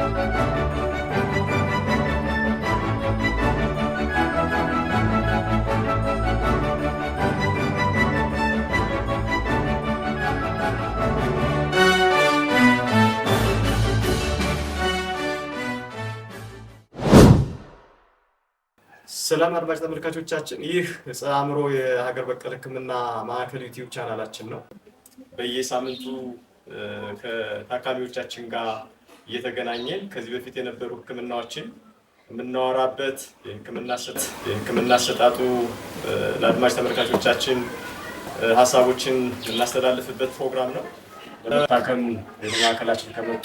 ሰላም አድማጭ ተመልካቾቻችን፣ ይህ ዕፀ አእምሮ የሀገር በቀል ሕክምና ማዕከል ዩቲዩብ ቻናላችን ነው። በየሳምንቱ ከታካሚዎቻችን ጋር እየተገናኘን ከዚህ በፊት የነበሩ ህክምናዎችን የምናወራበት የህክምና አሰጣጡ ለአድማጭ ተመልካቾቻችን ሀሳቦችን የምናስተላልፍበት ፕሮግራም ነው። በመታከም ማዕከላችን ከመጡ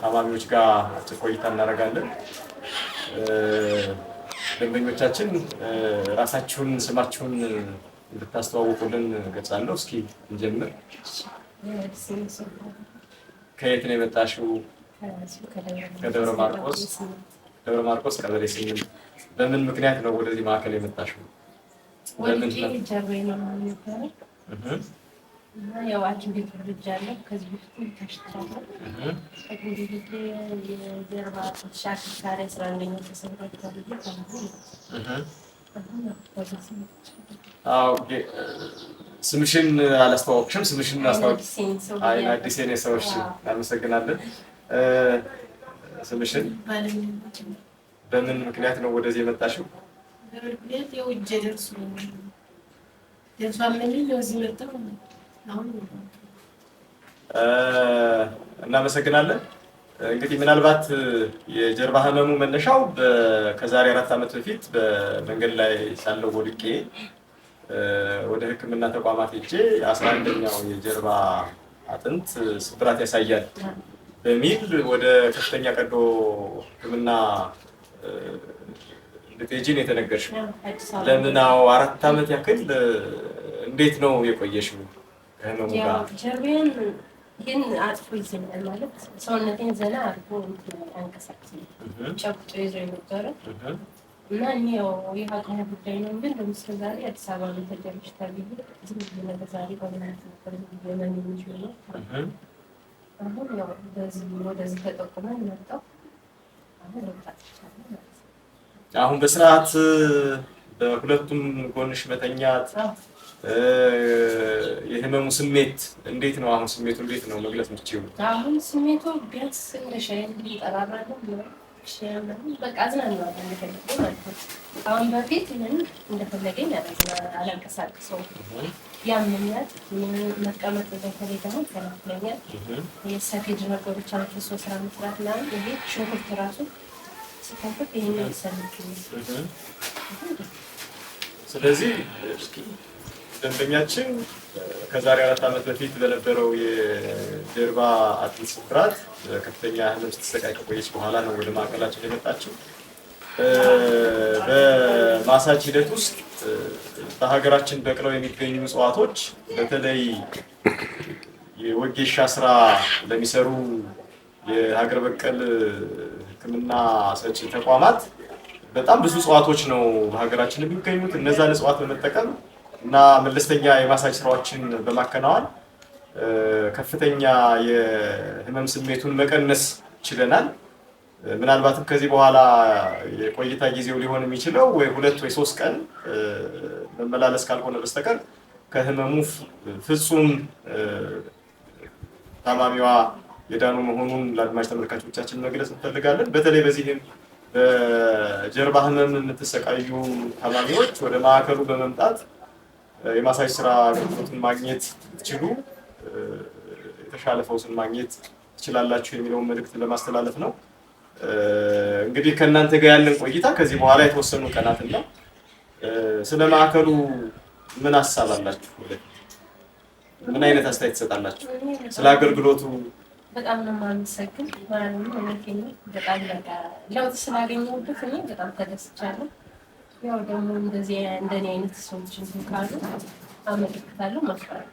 ታማሚዎች ጋር አጭር ቆይታ እናደርጋለን። ደንበኞቻችን ራሳችሁን ስማችሁን እንድታስተዋውቁልን ገጻለሁ። እስኪ እንጀምር። ከየት ነው የመጣሽው? ከደብረ ማርቆስ ደብረ ማርቆስ ቀበሌ ስምንት። በምን ምክንያት ነው ወደዚህ ማዕከል የመጣሽው? ቤት ወርጃለሁ። ከዚህ በፊት የጀርባ አስራ ስምሽን አላስተዋወቅሽም። ስምሽን አስታወቂ። አዲስ የኔ ሰዎች አመሰግናለን። ስምሽን በምን ምክንያት ነው ወደዚህ የመጣሽው? እናመሰግናለን። እንግዲህ ምናልባት የጀርባ ህመሙ መነሻው ከዛሬ አራት ዓመት በፊት በመንገድ ላይ ሳለው ወድቄ ወደ ሕክምና ተቋማት ሄጄ አስራ አንደኛው የጀርባ አጥንት ስብራት ያሳያል በሚል ወደ ከፍተኛ ቀዶ ሕክምና ልትሄጂ ነው የተነገርሽው። ለምን አራት ዓመት ያክል እንዴት ነው የቆየሽው? ጀርቤን ግን አጥፎ ይዘኛል ማለት ሰውነቴን ዘና አድርጎ አንቀሳቅስ ጨብጦ ይዞ የነበረ እና እኔ ያው የአቅሙ ጉዳይ ነው። ግን በምስል ዛሬ አዲስ አበባ ነው ተደርጅታል። ዝም ብዬ ነገር ዛሬ በምናት ነበር ነው አሁን ያው በዚህ ወደዚህ ተጠቁመን መጣው አሁን ነው። አሁን በስርዓት በሁለቱም ጎንሽ መተኛት የህመሙ ስሜት እንዴት ነው? አሁን ስሜቱ እንዴት ነው መግለጽ ምችሉ? አሁን ስሜቱ ቢያንስ ትንሽ ይጠራራለ በቃ አዝናናው እንደፈለገኝ ማለት ነው። አሁን በፊት ምን እንደፈለገኝ አላንቀሳቅሰውም። ያምኛል፣ መቀመጥ በተለይ ደግሞ ይከላክለኛል። የሰፌድ ነገሮች አንፍሶ ስራ መስራት ምናምን ይሄ ሽንኩርት ራሱ ስከፍት ይሄን ይሰልችኛል። ስለዚህ ደንበኛችን ከዛሬ አራት ዓመት በፊት በነበረው የጀርባ አጥንት ስብራት ከፍተኛ ሕመም ስትሰቃይ ከቆየች በኋላ ነው ወደ ማዕከላችን የመጣችው። በማሳጅ ሂደት ውስጥ በሀገራችን በቅለው የሚገኙ እጽዋቶች በተለይ የወጌሻ ስራ ለሚሰሩ የሀገር በቀል ሕክምና ሰጪ ተቋማት በጣም ብዙ እጽዋቶች ነው በሀገራችን የሚገኙት። እነዛን እጽዋት በመጠቀም እና መለስተኛ የማሳጅ ስራዎችን በማከናወን ከፍተኛ የህመም ስሜቱን መቀነስ ችለናል። ምናልባትም ከዚህ በኋላ የቆይታ ጊዜው ሊሆን የሚችለው ወይ ሁለት ወይ ሶስት ቀን መመላለስ ካልሆነ በስተቀር ከህመሙ ፍጹም ታማሚዋ የዳኑ መሆኑን ለአድማጭ ተመልካቾቻችን መግለጽ እንፈልጋለን። በተለይ በዚህም በጀርባ ህመም የምትሰቃዩ ታማሚዎች ወደ ማዕከሉ በመምጣት የማሳጅ ስራ አገልግሎትን ማግኘት ትችሉ የተሻለ ፈውስን ማግኘት ትችላላችሁ የሚለውን መልእክት ለማስተላለፍ ነው። እንግዲህ ከእናንተ ጋር ያለን ቆይታ ከዚህ በኋላ የተወሰኑ ቀናትና ስለ ማዕከሉ ምን ሀሳብ አላችሁ? ምን አይነት አስተያየት ትሰጣላችሁ? ስለ አገልግሎቱ በጣም ነው የማመሰግን። በጣም ለውጥ ስላገኘሁበት እኔ በጣም ተደስቻለሁ። ያው ደግሞ እንደዚህ እንደኔ አይነት ሰዎች ካሉ አመለክታለሁ ማስፈራል